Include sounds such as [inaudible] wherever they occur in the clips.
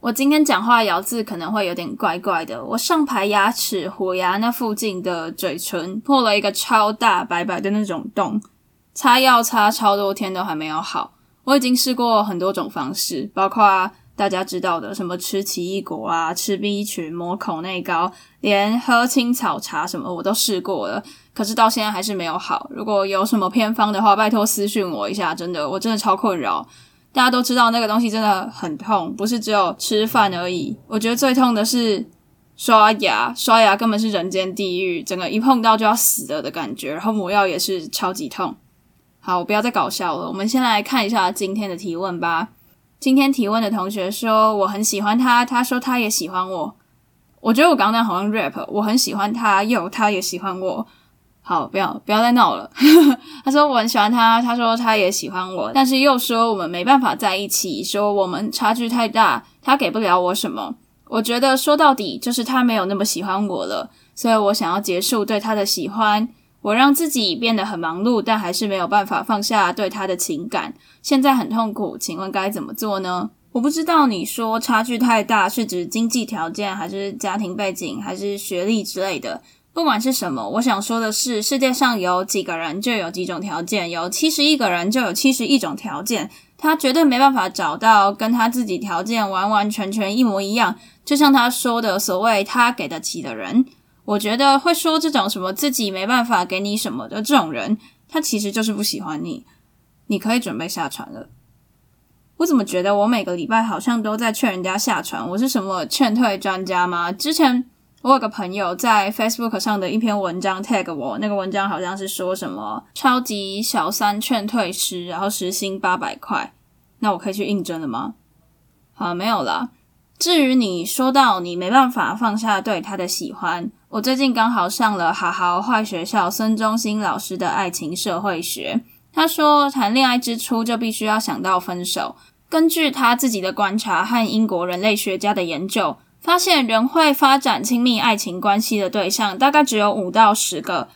我今天講話咬字可能會有點怪怪的。我上排牙齒虎牙那附近的嘴唇破了一個超大白白的那種洞，擦藥擦超多天都還沒有好。我已經試過很多種方式，包括大家知道的什麼吃奇異果啊、吃 B 群、抹口內膏，連喝青草茶什麼我都試過了，可是到現在還是沒有好。如果有什麼偏方的話，拜托私訊我一下，真的我真的超困擾。大家都知道那個東西真的很痛，不是只有吃飯而已。我覺得最痛的是刷牙，刷牙根本是人間地獄，整個一碰到就要死了的的感覺。然後抹藥也是超級痛。好，我不要再搞笑了。我們先來看一下今天的提問吧。今天提問的同學說，我很喜歡他，他說他也喜歡我。我覺得我剛剛好像 rap，我很喜歡他，又他也喜歡我。好，不要不要再鬧了。 [laughs] 他說我很喜歡他，他說他也喜歡我，但是又說我們沒辦法在一起，說我們差距太大，他給不了我什麼。我覺得說到底就是他沒有那麼喜歡我了，所以我想要結束對他的喜歡。我讓自己變得很忙碌，但還是沒有辦法放下對他的情感，現在很痛苦。請問該怎麼做呢？我不知道你說差距太大是指經濟條件，還是家庭背景，還是學歷之類的。不管是什麼，我想說的是，世界上有幾個人就有幾種條件，有七十億個人就有七十億種條件，他絕對沒辦法找到跟他自己條件完完全全一模一樣。就像他說的，所謂他給得起的人。我覺得會說這種什麼自己沒辦法給你什麼的這種人，他其實就是不喜歡你，你可以準備下船了。我怎麼覺得我每個禮拜好像都在勸人家下船，我是什麼勸退專家嗎？之前。我有個朋友在 Facebook 上的一篇文章 tag 我，那個文章好像是說什麼“超級小三勸退師”，然後時薪八百塊，那我可以去應徵了嗎？好，沒有啦。至於你說到你沒辦法放下對他的喜歡，我最近剛好上了好好壞學校孫中興老師的《愛情社會學》，他說談戀愛之初就必須要想到分手，根據他自己的觀察和英國人類學家的研究。發現人會發展親密愛情關係的對象大概只有五到十個。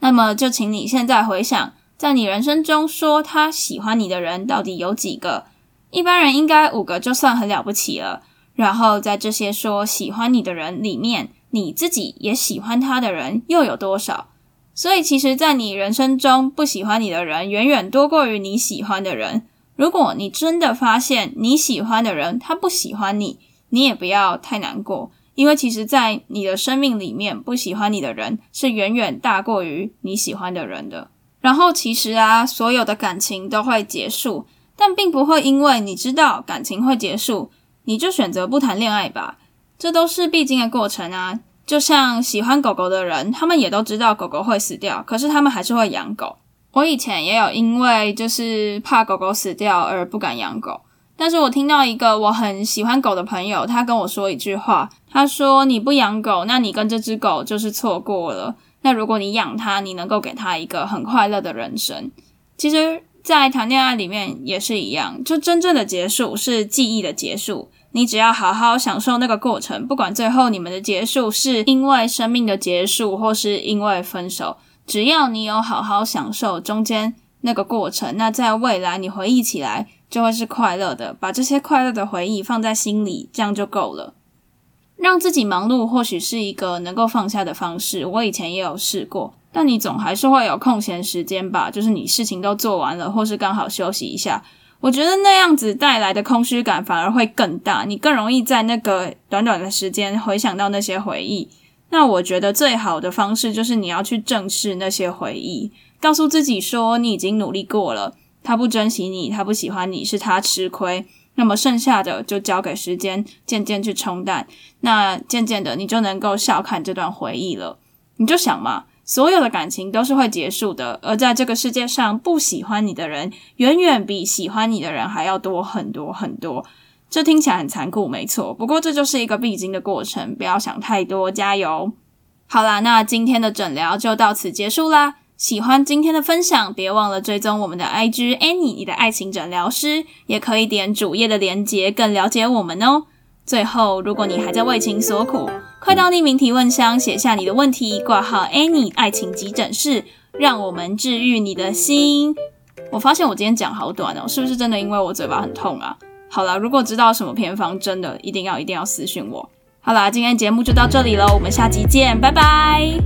那麼就請你現在回想，在你人生中說他喜歡你的人到底有幾個？一般人應該五個就算很了不起了。然後在這些說喜歡你的人裡面，你自己也喜歡他的人又有多少？所以其實，在你人生中不喜歡你的人遠遠多過於你喜歡的人。如果你真的發現你喜歡的人他不喜歡你，你也不要太難過，因為其實，在你的生命裡面，不喜歡你的人是遠遠大過於你喜歡的人的。然後，其實啊，所有的感情都會結束，但並不會因為你知道感情會結束，你就選擇不談戀愛吧。這都是必經的過程啊。就像喜歡狗狗的人，他們也都知道狗狗會死掉，可是他們還是會養狗。我以前也有因為就是怕狗狗死掉而不敢養狗。但是我聽到一個我很喜歡狗的朋友，他跟我說一句話，他說：“你不養狗，那你跟這隻狗就是錯過了。那如果你養它，你能夠給它一個很快樂的人生。其實，在談戀愛裡面也是一樣，就真正的結束是記憶的結束。你只要好好享受那個過程，不管最後你們的結束是因為生命的結束，或是因為分手，只要你有好好享受中間。”那個過程，那在未來你回憶起來就會是快樂的。把這些快樂的回憶放在心裡，這樣就夠了。讓自己忙碌或許是一個能夠放下的方式。我以前也有試過，但你總還是會有空閒時間吧？就是你事情都做完了，或是剛好休息一下。我覺得那樣子帶來的空虛感反而會更大，你更容易在那個短短的時間回想到那些回憶。那我覺得最好的方式就是你要去正視那些回憶。告訴自己說，你已經努力過了。他不珍惜你，他不喜歡你，是他吃虧。那麼剩下的就交給時間，漸漸去沖淡。那漸漸的，你就能夠笑看這段回憶了。你就想嘛，所有的感情都是會結束的。而在這個世界上，不喜歡你的人，遠遠比喜歡你的人還要多很多很多。這聽起來很殘酷，沒錯。不過這就是一個必經的過程，不要想太多，加油。好啦，那今天的診療就到此結束啦。喜歡今天的分享，別忘了追蹤我們的 IG Annie，你的愛情診療師。也可以點主頁的連結，更了解我們哦。最後，如果你還在為情所苦，快到匿名提問箱寫下你的問題，掛號 Annie 愛情急診室，讓我們治癒你的心。我發現我今天講好短哦，是不是真的因為我嘴巴很痛啊？好啦，如果知道什麼偏方，真的一定要一定要私訊我。好啦，今天節目就到這裡了，我們下集見，拜拜。